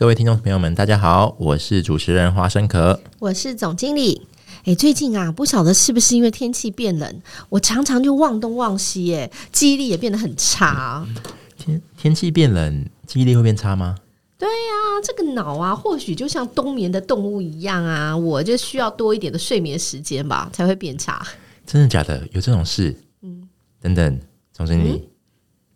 各位聽眾朋友們，大家好，我是主持人花生殼，我是總經理。欸，最近啊，不曉得是不是因為天氣變冷，我常常就忘東忘西，哎，記憶力也變得很差。天天氣變冷，記憶力會變差嗎？對啊，這個腦啊，或許就像冬眠的動物一樣啊，我就需要多一點的睡眠時間吧，才會變差。真的假的？有這種事？嗯，等，等，等，總經理，嗯，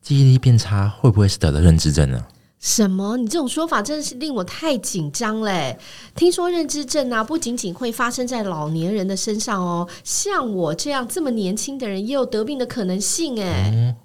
記憶力變差會不會是得了認知症呢、啊？什麼？你這種說法真的是令我太緊張嘞！聽說認知症啊，不僅僅會發生在老年人的身上哦，像我這樣這麼年輕的人也有得病的可能性哎、欸。嗯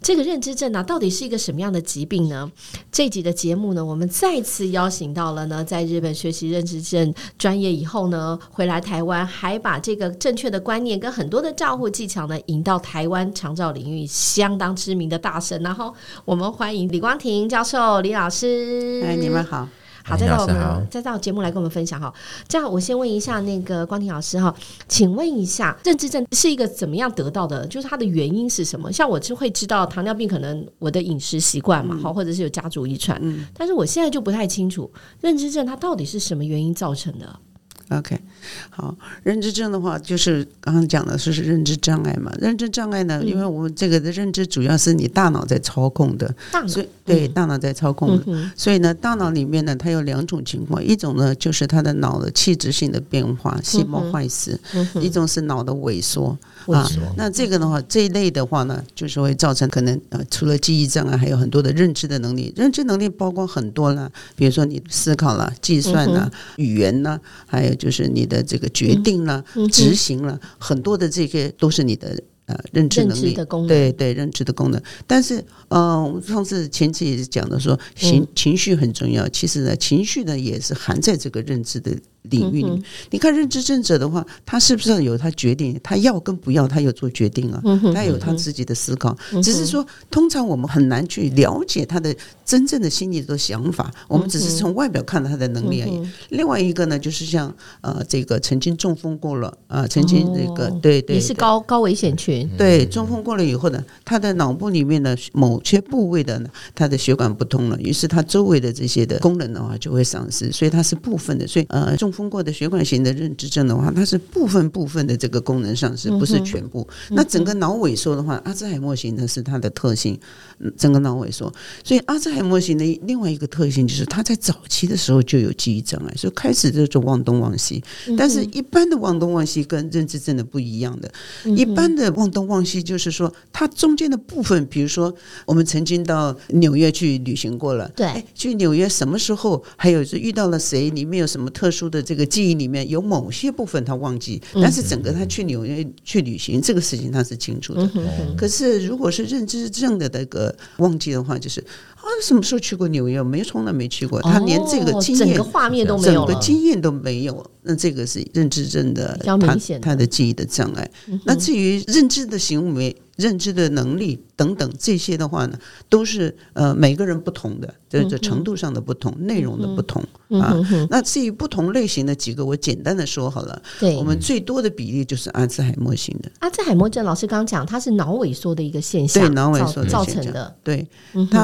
這個認知症呢、啊，到底是一個什麼樣的疾病呢？這集的節目呢，我們再次邀請到了呢，在日本學習認知症專業以後呢，回來台灣還把這個正確的觀念跟很多的照護技巧呢，引到台灣長照領域相當知名的大神。然後我們歡迎李光廷教授李老師，哎，你們好。好，再到我們再到節目來跟我們分享哈。這樣，我先問一下那個光廷老師哈，請問一下，認知症是一個怎麼樣得到的？就是它的原因是什麼？像我就會知道糖尿病可能我的飲食習慣嘛，好、嗯，或者是有家族遺傳，嗯，但是我現在就不太清楚認知症它到底是什麼原因造成的。OK。好，認知症的話，就是剛剛講的，說是認知障礙嘛。認知障礙呢，因為我們這個的認知主要是你大腦在操控的，嗯、所以對、嗯、大腦在操控、嗯、所以呢，大腦裡面呢，它有兩種情況：一種呢，就是它的腦的器質性的變化，細胞壞死、嗯；一種是腦的萎縮。萎、嗯、縮、啊。那這個的話，這一類的話呢，就是會造成可能呃，除了記憶障礙，還有很多的認知的能力。認知能力包括很多了，比如說你思考了、計算了、嗯、語言呢，還有就是你。的這個決定了執、嗯嗯、行了很多的這些都是你的呃認知能力，的功能對對，認知的功能。但是，嗯、呃，上次前期也是講的說，情情緒很重要。其實呢，情緒呢也是含在這個認知的。領域裡面，你看認知症者的話，他是不是有他決定？他要跟不要，他有做決定啊，他有他自己的思考。只是說，通常我們很難去了解他的真正的心理的想法，我們只是從外表看到他的能力而已。另外一個呢，就是像呃這個曾經中風過了啊，呃，曾經那個對對，也是高高危險群。對，中風過了以後呢，他的腦部裡面的某些部位的呢，他的血管不通了，於是他周圍的這些的功能的話就會喪失，所以他是部分的。所以呃中風過的血管型的認知症的話，它是部分部分的這個功能喪失，不是全部，嗯嗯。那整個腦萎縮的話，阿茲海默型呢，是它的特性，整個腦萎縮。所以阿茲海默型的另外一個特性就是，它在早期的時候就有記憶障礙，所以開始這種忘東忘西，嗯。但是一般的忘東忘西跟認知症的不一樣的，嗯，一般的忘東忘西就是說，它中間的部分，比如說我們曾經到紐約去旅行過了，對，去紐約什麼時候，還有是遇到了誰，裡面有什麼特殊的。這個記憶裡面有某些部分他忘記，但是整個他去紐約去旅行這個事情他是清楚的。嗯、哼哼，可是如果是認知症的那個忘記的話，就是啊，什麼時候去過紐約？沒，從來沒去過。哦、他連這個經驗、整個畫面都沒有，整個經驗都沒有。那這個是認知症的，的他他的記憶的障礙、嗯。那至於認知的行為。認知的能力等等這些的話呢，都是呃每個人不同的，這、就是、這程度上的不同，內、嗯、容的不同、嗯、啊、嗯。那至於不同類型的幾個，我簡單的說好了。對，我們最多的比例就是阿茲海默型的。嗯、阿茲海默症老師剛講，它是腦萎縮的一個現象，對，腦萎縮造成的。對，現象嗯、對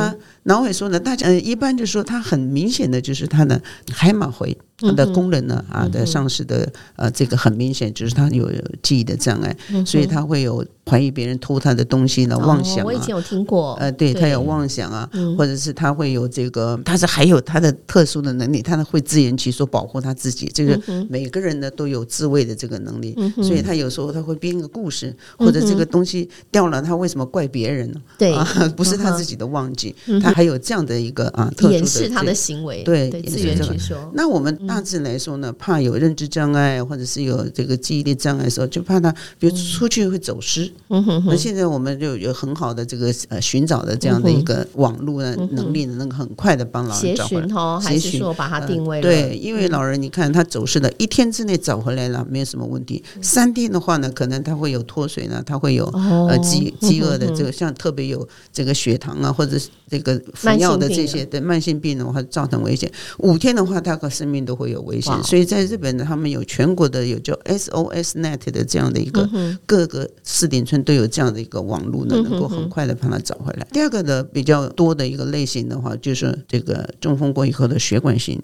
它腦萎縮呢，大家一般就說它很明顯的就是它的海馬回。他的功能呢、嗯、啊的喪失的呃、啊嗯、這個很明顯就是他有，有記憶的障礙、嗯，所以他會有懷疑別人偷他的東西呢、嗯、妄想、啊哦。我以前有聽過，呃，對，對他有妄想啊、嗯，或者是他會有這個，他是還有他的特殊的能力，他呢會自圓其說保護他自己。嗯、這個每個人呢都有自衛的這個能力、嗯，所以他有時候他會編一個故事、嗯，或者這個東西掉了，他為什麼怪別人呢？嗯啊、對，不是他自己的忘記，嗯、他還有這樣的一個啊，嗯、特殊的掩飾他的行為，對，對對自圓其說。說嗯、那我們。大致來說呢，怕有認知障礙，或者是有這個記憶力障礙的時候，就怕他比如出去會走失。那、嗯、現在我們就有很好的這個呃尋找的這樣的一個網絡的能力呢，能、嗯、夠、那個、很快的幫老人找回來。協尋還是說把它定位了？呃、對，因為老人你看他走失了一天之內找回來了，沒有什麼問題。嗯、三天的話呢，可能他會有脫水呢，他會有、哦、呃飢飢餓的這個，像特別有這個血糖啊，或者是這個服藥的這些的慢、慢性病的話，造成危險。五天的話，他可生命都會有危險，所以在日本呢，他們有全國的有叫 SOSNet 的這樣的一個，各個市町村都有這樣的一個網絡呢，能夠很快的把它找回來。第二個呢，比較多的一個類型的話，就是這個中風過以後的血管型。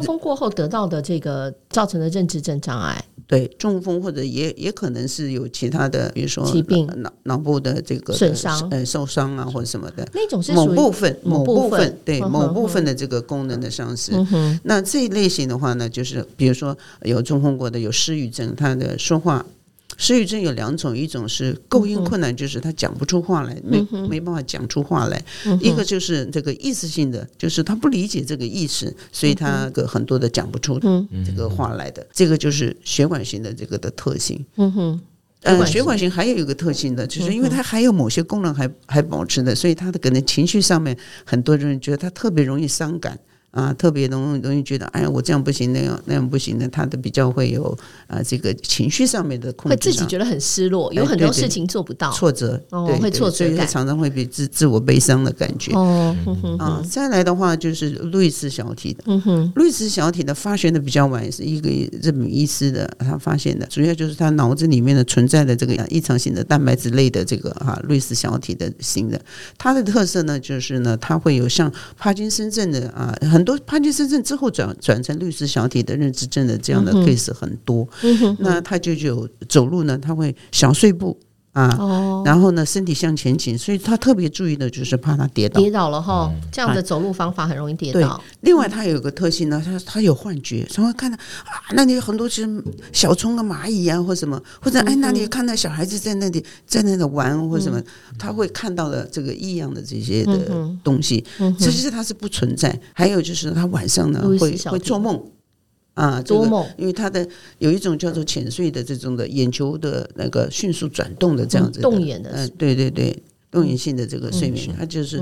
中風過後得到的這個造成的認知症障礙，對中風或者也也可能是有其他的，比如說疾病，腦部的這個的損傷，呃，受傷啊或者什麼的，那一種是某部分某部分，某部分，、嗯、部分對、嗯、某部分的這個功能的喪失、嗯。那這一類型的話呢，就是比如說有中風過的有失語症，他的說話。失語症有兩種，一種是構音困難，就是他講不出話來，嗯、沒沒辦法講出話來；嗯、一個就是這個意思性的，就是他不理解這個意思，所以他個很多的講不出這個話來的。嗯、這個就是血管型的這個的特性。嗯哼，呃血,、嗯、血管型還有一個特性的，就是因為它還有某些功能還還保持的，所以他的可能情緒上面很多人覺得他特別容易傷感。啊，特別容易容易覺得，哎呀，我這樣不行，那樣那樣不行的，他都比較會有啊，這個情緒上面的控制、啊，會自己覺得很失落，有很多事情做不到，哎、對對挫折、哦對對對，會挫折，所以他常常會比自自我悲傷的感覺。哦呵呵呵，啊，再來的話就是路易氏小體的，路、嗯、易小體的發現的比較晚，是一個日本醫師的他發現的，主要就是他腦子裡面的存在的這個異常性的蛋白質類的這個啊，路易氏小體的型的，它的特色呢，就是呢，它會有像帕金森症的啊很。很多帕金森症之後轉轉成路易氏體的認知症的這樣的 case 很多，嗯嗯、哼哼，那他就就走路呢，他會小碎步。啊，oh. 然後呢，身體向前傾，所以他特別注意的就是怕他跌倒，跌倒了哈、嗯。這樣的走路方法很容易跌倒。嗯、另外，他有一個特性呢，他他有幻覺，他會看到啊，那裡有很多隻小蟲啊、螞蟻啊，或什麼，或者、嗯、哎，那裡看到小孩子在那裡在那裡玩或什麼，他、嗯、會看到的這個異樣的這些的東西，嗯嗯、其實他是不存在。還有就是他晚上呢會會做夢。啊，多夢、個，因為他的有一種叫做淺睡的這種的眼球的那個迅速轉動的這樣子動，動眼的，嗯、啊，對對對，動眼性的這個睡眠，他、嗯、就是。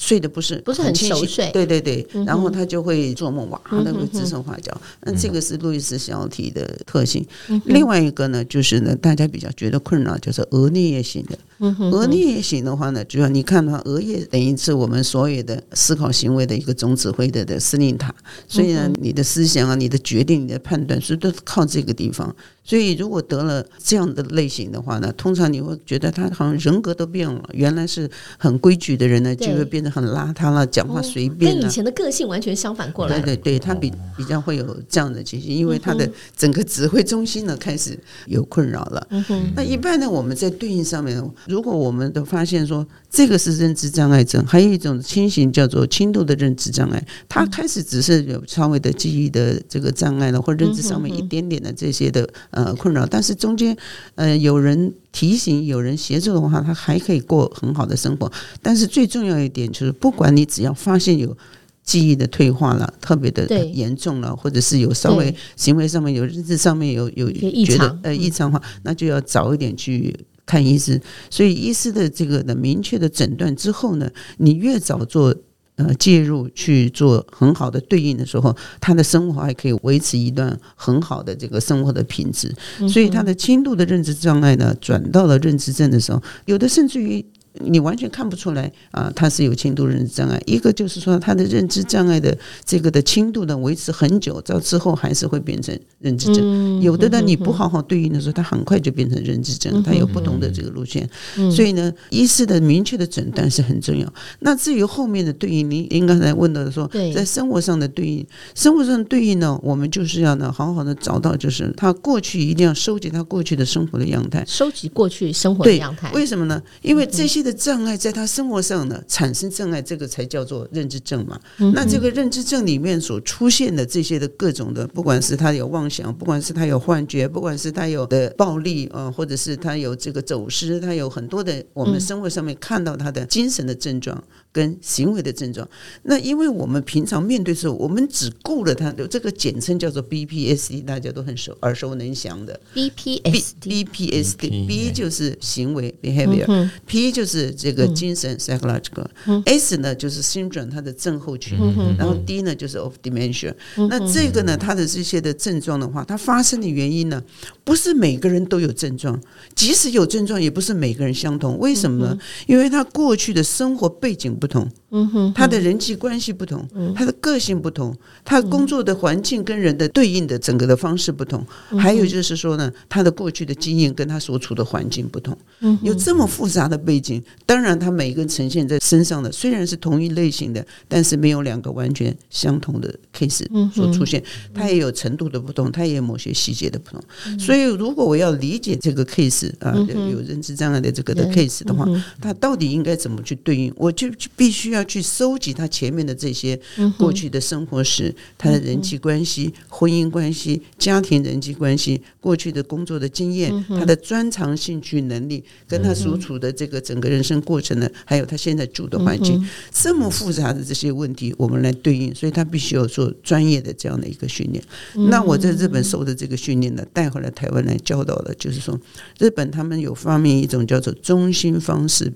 睡得不是不是很清醒，熟，對對對、嗯，然後他就會做夢哇，那個指手畫腳、嗯。那這個是路易斯小體的特性、嗯。另外一個呢，就是呢，大家比較覺得困擾，就是額顳葉型的。嗯、額顳葉型的話呢、嗯，主要你看他額葉等於是我們所有的思考行為的一個總指揮的的司令塔。嗯、所以呢、嗯，你的思想啊，你的決定、你的判斷，是都靠這個地方。所以如果得了這樣的類型的話呢，通常你會覺得他好像人格都變了。嗯、原來是很規矩的人呢，嗯、就會變得。很邋遢了，講話隨便、啊哦，跟以前的個性完全相反過來。對對對，他比比較會有這樣的情形，哦、因為他的整個指揮中心呢開始有困擾了、嗯。那一般呢，我們在對應上面，如果我們都發現說這個是認知障礙症，還有一種情形叫做輕度的認知障礙，他開始只是有稍微的記憶的這個障礙呢，或者認知上面一點點的這些的呃困擾，但是中間呃有人。提醒有人協助的話，他還可以過很好的生活。但是最重要一點就是，不管你只要發現有記憶的退化了，特別的嚴重了，或者是有稍微行為上面有、認知上面有有覺得呃異常的話，呃，那就要早一點去看醫師。所以醫師的這個的明確的診斷之後呢，你越早做。呃，介入去做很好的對應的時候，他的生活還可以維持一段很好的這個生活的品質，所以他的輕度的認知障礙呢，轉到了認知症的時候，有的甚至於。你完全看不出來啊，他、呃、是有輕度認知障礙。一個就是說，他的認知障礙的這個的輕度的維持很久，到之後還是會變成認知症、嗯。有的呢，你不好好對應的時候，他、嗯、很快就變成認知症。他、嗯、有不同的這個路線，嗯嗯、所以呢，醫師的明確的診斷是很重要。嗯、那至於後面的對應，您您剛才問到的說、嗯，在生活上的對應，生活上的對應呢，我們就是要呢好好的找到，就是他過去一定要收集他過去的生活的樣態，收集過去生活的樣態。嗯、為什麼呢？因為這些、嗯。的障礙在他生活上呢產生障礙，這個才叫做認知症嘛、嗯。那這個認知症裡面所出現的這些的各種的，不管是他有妄想，不管是他有幻覺，不管是他有的暴力啊、呃，或者是他有這個走失，他有很多的我們生活上面看到他的精神的症狀跟行為的症狀、嗯。那因為我們平常面對的時候，我們只顧了他的這個簡稱叫做 B P S D，大家都很熟耳熟能詳的、BPSD、B P B P S D B 就是行為 behavior，P、嗯、就是。是這個精神 psychological，S、嗯、呢就是 syndrome 它的症候群，嗯嗯、然後 D 呢就是 of dementia、嗯嗯。那這個呢，它的這些的症狀的話，它發生的原因呢，不是每個人都有症狀，即使有症狀，也不是每個人相同。為什麼呢？嗯嗯、因為他過去的生活背景不同。嗯哼，他的人際關係不同，他的個性不同，他工作的環境跟人的對應的整個的方式不同，還有就是說呢，他的過去的經驗跟他所處的環境不同，有這麼複雜的背景，當然他每個人呈現在身上的雖然是同一類型的，但是沒有兩個完全相同的 case 所出現，他也有程度的不同，他也有某些細節的不同，所以如果我要理解這個 case 啊，有認知障礙的這個的 case 的話，他到底應該怎麼去對應，我就就必須要。要去收集他前面的這些過去的生活史，嗯、他的人際關係、嗯、婚姻關係、家庭人際關係、嗯，過去的工作的經驗、嗯，他的專長、興趣、能力，嗯、跟他所處的這個整個人生過程呢、嗯，還有他現在住的環境、嗯，這麼複雜的這些問題，我們來對應，所以他必須要做專業的這樣的一個訓練、嗯。那我在日本受的這個訓練呢，帶、嗯、回來台灣來教導的，就是說，日本他們有發明一種叫做中心方式。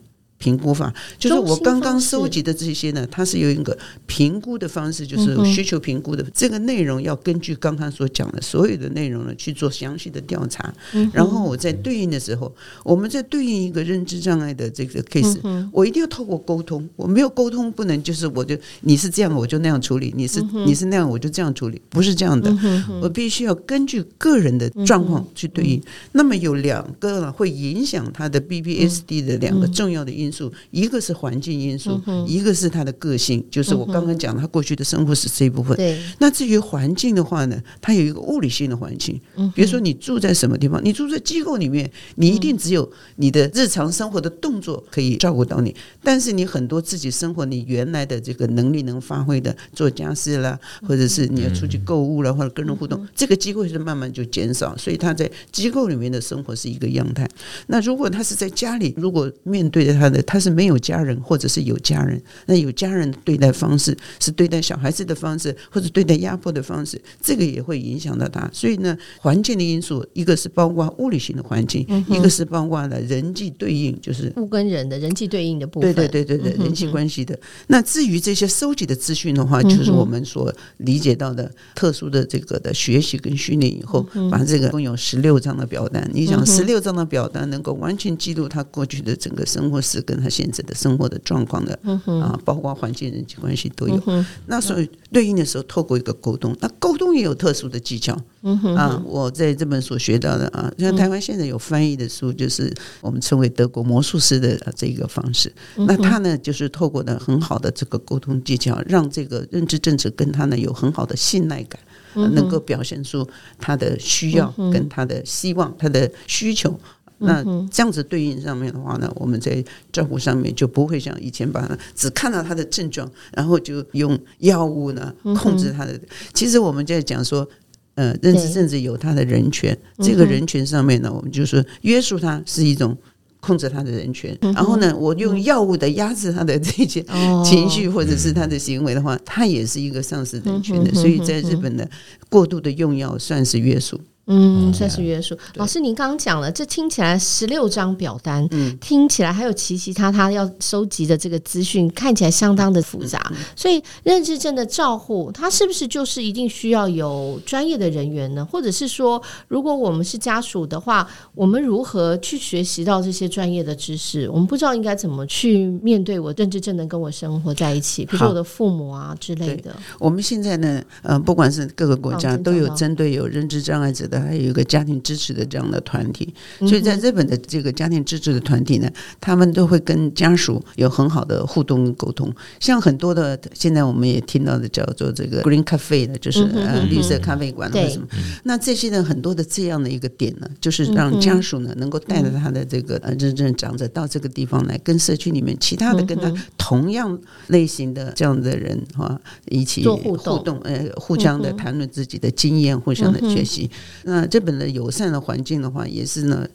評估法，就是我剛剛收集的這些呢，它是有一個評估的方式，就是需求評估的這個內容要根據剛剛所講的所有的內容呢去做詳細的調查，然後我在對應的時候，我們在對應一個認知障礙的這個 case，我一定要透過溝通，我沒有溝通不能，就是我就你是這樣我就那樣處理，你是你是那樣我就這樣處理，不是這樣的，我必須要根據個人的狀況去對應。那麼有兩個會影響他的 BBSD 的兩個重要的因素。一個是環境因素，一個是他的個性，嗯、就是我剛剛講他過去的生活史這一部分、嗯。那至於環境的話呢，它有一個物理性的環境，比如說你住在什麼地方，你住在機構裡面，你一定只有你的日常生活的動作可以照顧到你，但是你很多自己生活你原來的這個能力能發揮的做家事啦，或者是你要出去購物了，或者跟人互動，嗯、這個機會是慢慢就減少，所以他在機構裡面的生活是一個樣態。那如果他是在家裡，如果面對着他。他是沒有家人，或者是有家人。那有家人對待方式，是對待小孩子的方式，或者對待壓迫的方式，這個也會影響到他。所以呢，環境的因素，一個是包括物理性的環境、嗯，一個是包括了人際對應，就是物跟人的人際對應的部分。對對對對對、嗯哼哼，人際關係的。那至於這些收集的資訊的話，就是我們所理解到的特殊的這個的學習跟訓練以後，嗯、把這個共有十六張的表單。你想，十六張的表單能夠完全記錄他過去的整個生活史，跟他現在的生活的狀況的啊，包括環境、人際關係都有。那所以對應的時候，透過一個溝通，那溝通也有特殊的技巧。啊，我在日本所學到的啊，像台灣現在有翻譯的書，就是我們稱為德國魔術師的、啊、這一個方式。那他呢，就是透過的很好的這個溝通技巧，讓這個認知症者跟他呢有很好的信賴感、啊，能夠表現出他的需要、跟他的希望、他的需求。那這樣子對應上面的話呢，我們在照顧上面就不會像以前把它只看到他的症狀，然後就用藥物呢控制他的。其實我們在講說，呃，認知症者有它的人權，這個人權上面呢，我們就是說約束他是一種控制他的人權。然後呢，我用藥物的壓制他的這些情緒或者是他的行為的話，他也是一個喪失人權的。所以在日本呢，過度的用藥算是約束。嗯，yeah, 算是約束。老師，您剛剛講了，這聽起來十六張表單、嗯，聽起來還有其、其他，他他要收集的這個資訊，看起來相當的複雜。嗯嗯、所以，認知症的照護，它是不是就是一定需要有專業的人員呢？或者是說，如果我們是家屬的話，我們如何去學習到這些專業的知識？我們不知道應該怎麼去面對我認知症能跟我生活在一起，譬如說我的父母啊之類的。我們現在呢，嗯、呃，不管是各個國家都有針對有認知障礙者的，還有一個家庭支持的這樣的團體，所以在日本的這個家庭支持的團體呢，他們都會跟家屬有很好的互動溝通。像很多的現在我們也聽到的叫做這個 Green Cafe 的，就是呃綠色咖啡館什麼。那這些呢，很多的這樣的一個點呢，就是讓家屬呢能夠帶着他的這個呃真正長者到這個地方來，跟社區裡面其他的跟他同樣類型的這樣的人啊一起互動，呃，互相的談論自己的經驗，互相的學習。那日本的友善的環境的話，也是呢。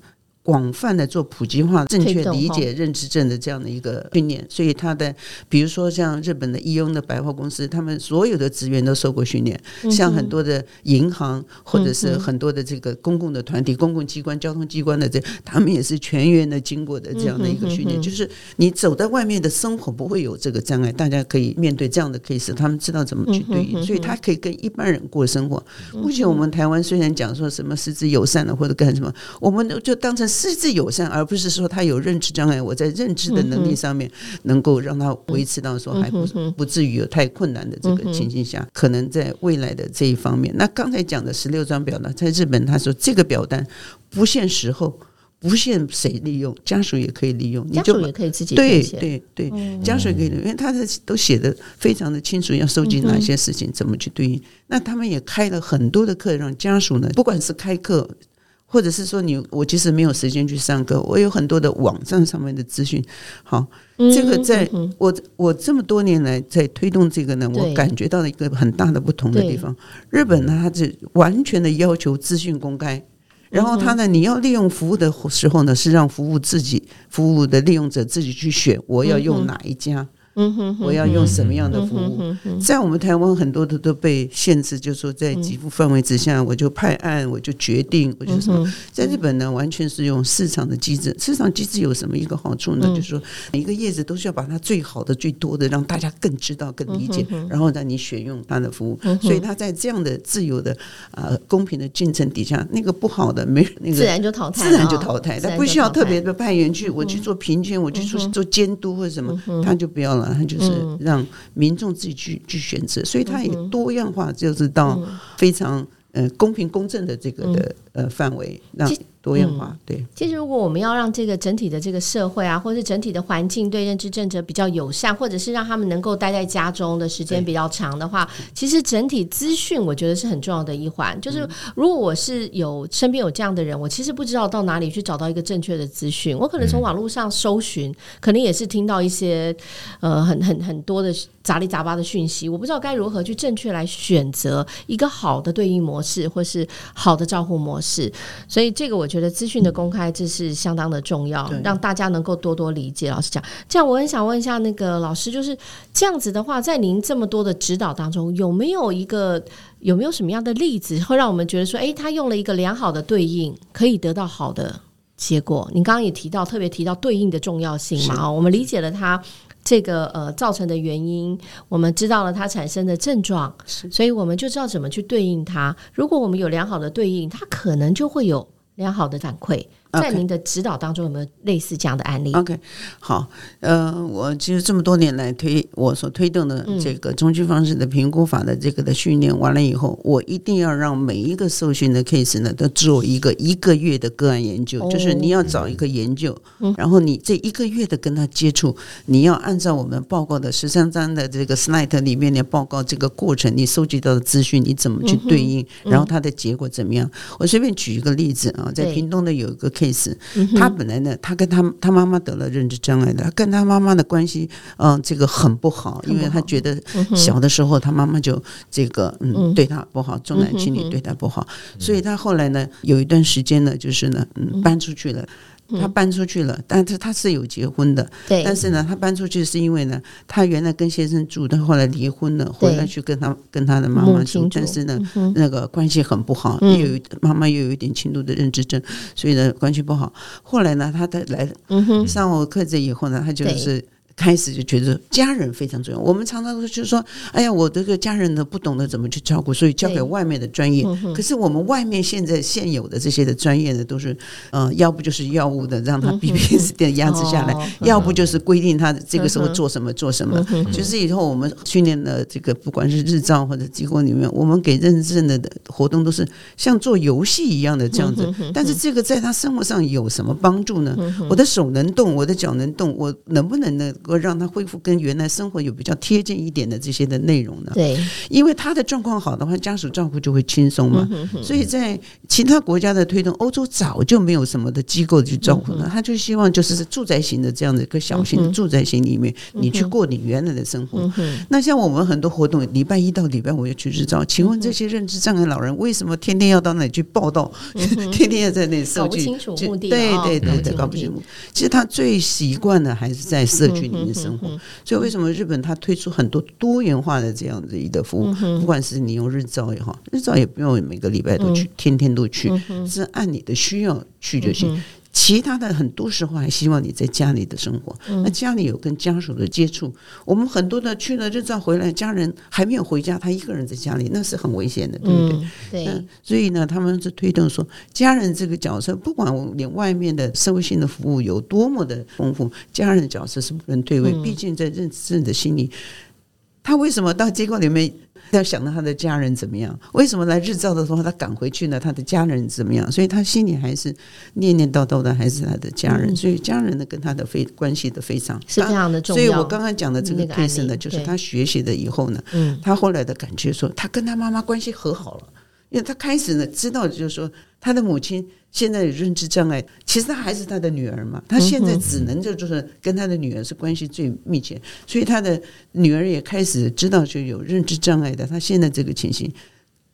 廣泛的做普及化、正確理解認知症的這樣的一個訓練，所以他的比如說像日本的 AEON 的百貨公司，他們所有的職員都受過訓練，像很多的銀行或者是很多的這個公共的團體、公共機關、交通機關的這，他們也是全員的經過的這樣的一個訓練，就是你走在外面的生活不會有這個障礙，大家可以面對這樣的 case，他們知道怎麼去對應，所以他可以跟一般人過生活。目前我們台灣雖然講說什麼失智友善了或者幹什麼，我們就當成。失智友善，而不是說他有認知障礙。我在認知的能力上面，能夠讓他維持到說還不不至於有太困難的這個情形下，可能在未來的這一方面。那剛才講的十六張表呢，在日本他說這個表單不限時候，不限誰利用，家屬也可以利用，你就家屬也可以自己填寫，對對對，對，家屬可以，因為他的都寫得非常的清楚，要收集哪些事情，怎麼去對應。那他們也開了很多的課，讓家屬呢，不管是開課。或者是說你，我其實沒有時間去上課，我有很多的網站上面的資訊。好，嗯、這個在、嗯、我我這麼多年來在推動這個呢，我感覺到了一個很大的不同的地方。日本呢，它是完全的要求資訊公開，然後它呢、嗯，你要利用服務的時候呢，是讓服務自己、服務的利用者自己去選，我要用哪一家。嗯嗯哼，我要用什麼樣的服務？在我們台灣很多的都被限制，就是說在給付範圍之下，我就派案，我就決定，我就什麼。在日本呢，完全是用市場的機制。市場機制有什麼一個好處呢？就是說，每一個業者都需要把它最好的、最多的，讓大家更知道、更理解，然後讓你選用它的服務。所以它在這樣的自由的、呃、公平的競爭底下，那個不好的沒有那個自然就淘汰、哦，自然就淘汰。他不需要特別的派員去，我去做評鑑，我去做我去做監督或者什麼，他就不要了。它就是讓民眾自己去去選擇，所以它也多樣化，就是到非常呃公平公正的這個的。呃，範圍那多，多元化對。其實，如果我們要讓這個整體的這個社會啊，或者是整體的環境對認知症者比較友善，或者是讓他們能夠待在家中的時間比較長的話，其實整體資訊我覺得是很重要的一環。就是如果我是有身邊有這樣的人，嗯，我其實不知道到哪裡去找到一個正確的資訊。我可能從網絡上搜尋，嗯，可能也是聽到一些呃很很很多的雜七雜八的訊息，我不知道該如何去正確來選擇一個好的對應模式，或是好的照護模式。是，所以這個我覺得資訊的公開，這是相當的重要，嗯、讓大家能夠多多理解。老師講這樣，我很想問一下那個老師，就是這樣子的話，在您這麼多的指導當中，有沒有一個有沒有什麼樣的例子，會讓我們覺得說，哎，他用了一個良好的對應，可以得到好的結果？您剛剛也提到，特別提到對應的重要性嘛。啊、哦，我們理解了他。這個呃造成的原因，我們知道了它產生的症狀，所以我們就知道怎麼去對應它。如果我們有良好的對應，它可能就會有良好的反饋。在您的指導當中，有沒有類似這樣的案例？OK，好，呃，我其實這麼多年來推我所推動的這個中距方式的評估法的這個的訓練完了以後，我一定要讓每一個受訓的 case 呢，都做一個一個月的個案研究，哦、就是你要找一個研究、嗯，然後你這一個月的跟他接觸、嗯，你要按照我們報告的十三章的這個 slide 裡面的報告這個過程，你收集到的資訊，你怎麼去對應，嗯嗯、然後他的結果怎麼樣？我隨便舉一個例子啊，在屏東的有一個。Case、嗯、他本來呢，他跟他他媽媽得了認知障礙的，跟他媽媽的關係，嗯、呃，這個很不好，因為他覺得小的時候、嗯、他媽媽就這個嗯，嗯對他不好，重男輕女對他不好、嗯，所以他後來呢，有一段時間呢，就是呢，嗯、搬出去了。嗯。嗯、他搬出去了，但是他是有結婚的，但是呢，他搬出去是因為呢，他原來跟先生住的，後來離婚了，回來去跟他跟他的媽媽住，但是呢、嗯，那個關係很不好，嗯、又有媽媽又有一點輕度的認知症，所以呢，關係不好。後來呢，他來、嗯、上我課這以後呢，他就是。開始就覺得家人非常重要。我們常常都就是說，哎呀，我這個家人呢，不懂得怎麼去照顧，所以交給外面的專業。可是我們外面現在現有的這些的專業呢，都是，嗯，要不就是藥物的讓他 BPSD 壓制下來，要不就是規定他這個時候做什麼做什麼。其實以後我們訓練的這個，不管是日照或者機構裡面，我們給認證的的活動都是像做遊戲一樣的這樣子。但是這個在他生活上有什麼幫助呢？我的手能動，我的腳能動，我能不能呢？我讓他恢復跟原來生活有比較貼近一點的這些的內容呢。對，因為他的狀況好的話，家屬照顧就會輕鬆嘛。所以在其他國家的推動，歐洲早就沒有什麼的機構去照顧了。他就希望就是住宅型的這樣的一個小型的住宅型裡面，你去過你原來的生活。那像我們很多活動，禮拜一到禮拜五要去日照。請問這些認知障礙老人為什麼天天要到那裡去報到？天天要在那裡社區？對對，對，對,對，搞不清楚目的。其實他最習慣的還是在社區裡。生活，所以為什麼日本它推出很多多元化的這樣子一個服務？不管是你用日照也好，日照也不用每個禮拜都去，天天都去，是按你的需要去就行。嗯。嗯嗯嗯嗯其他的很多時候還希望你在家裡的生活，那家裡有跟家屬的接觸，嗯。我們很多的去了日照回來，家人還沒有回家，他一個人在家裡，那是很危險的，對不對？嗯，對。所以呢，他們是推動說，家人這個角色，不管你外面的社會性的服務有多麼的豐富，家人角色是不能退位。嗯、畢竟在認知的心理，他為什麼到機構裡面？要想到他的家人怎麼樣？為什麼來日照的時候他趕回去呢？他的家人怎麼樣？所以他心裡還是念念叨叨的，還是他的家人。所以家人呢，跟他的非關係都非常是這樣的重要。所以我剛剛講的這個 case 呢，就是他學習了以後呢，他後來的感覺說，他跟他媽媽關係和好了。因為他開始呢知道，就是說他的母親現在有認知障礙，其實他還是他的女兒嘛，他現在只能就就是跟他的女兒是關係最密切，所以他的女兒也開始知道就有認知障礙的。他現在這個情形，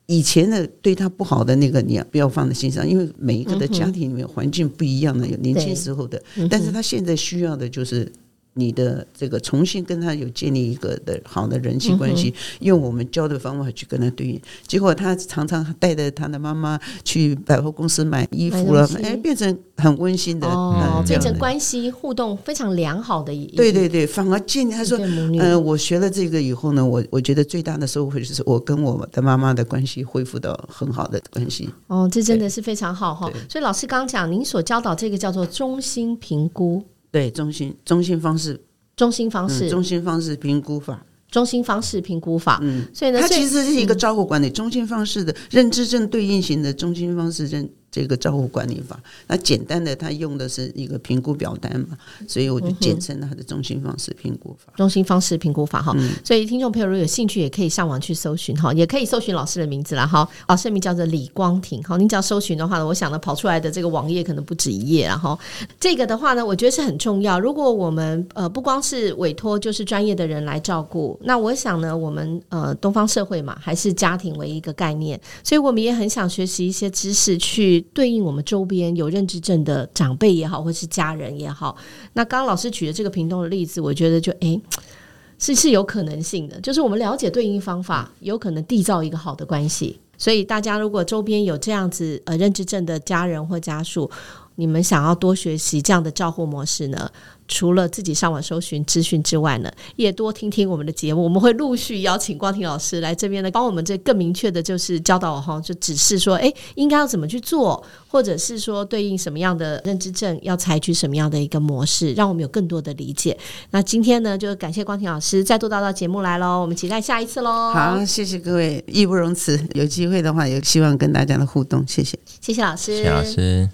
以前呢，對他不好的那個，你不要放在心上。因為每一個的家庭裡面環境不一樣呢，有年輕時候的，但是他現在需要的就是。你的這個重新跟他有建立一個的好的人際關係，用我們教的方法去跟他對應，結果他常常帶着他的媽媽去百貨公司買衣服了，啊，哎，變成很溫馨的，變成關係互動非常良好的一對對對，反而建立他說，嗯，我學了這個以後呢，我我覺得最大的收穫就是我跟我的媽媽的關係恢復到很好的關係、呃、哦，這真的是非常好哈。所以老師剛講，您所教導這個叫做中心評估。對中心中心方式，中心方式，嗯，中心方式評估法，中心方式評估法。嗯，所以呢，它其實是一個照顧管理、嗯、中心方式的認知症對應型的中心方式認。這個照護管理法，那簡單的，他用的是一個評估表單嘛，所以我就簡稱他的中心方式評估法。中心方式評估法哈、嗯，所以聽眾朋友如果有興趣，也可以上網去搜尋哈、嗯，也可以搜尋老師的名字了哈。啊，姓名叫做李光廷。哈，你只要搜尋的話呢，我想呢，跑出來的這個網頁可能不止一頁了哈。這個的話呢，我覺得是很重要。如果我們呃不光是委托，就是專業的人來照顧，那我想呢，我們呃東方社會嘛，還是家庭為一,一個概念，所以我們也很想學習一些知識去對應我們周邊有認知症的長輩也好，或是家人也好，那剛剛老師舉的這個屏東的例子，我覺得就誒，是是有可能性的，就是我們了解對應方法，有可能締造一個好的關係。所以大家如果周邊有這樣子呃認知症的家人或家屬。你們想要多學習這樣的照護模式呢？除了自己上網搜尋資訊之外呢，也多聽聽我們的節目。我們會陸續邀請光廷老師來這邊呢，幫我們這更明確的，就是教導哈，就只是說，哎，應該要怎麼去做，或者是說對應什麼樣的認知症，要採取什麼樣的一個模式，讓我們有更多的理解。那今天呢，就感謝光廷老師再度到到節目來嘍，我們期待下一次嘍。好，謝謝各位，義不容辭。有機會的話，也希望跟大家的互動。謝謝，謝謝老師，謝謝老師。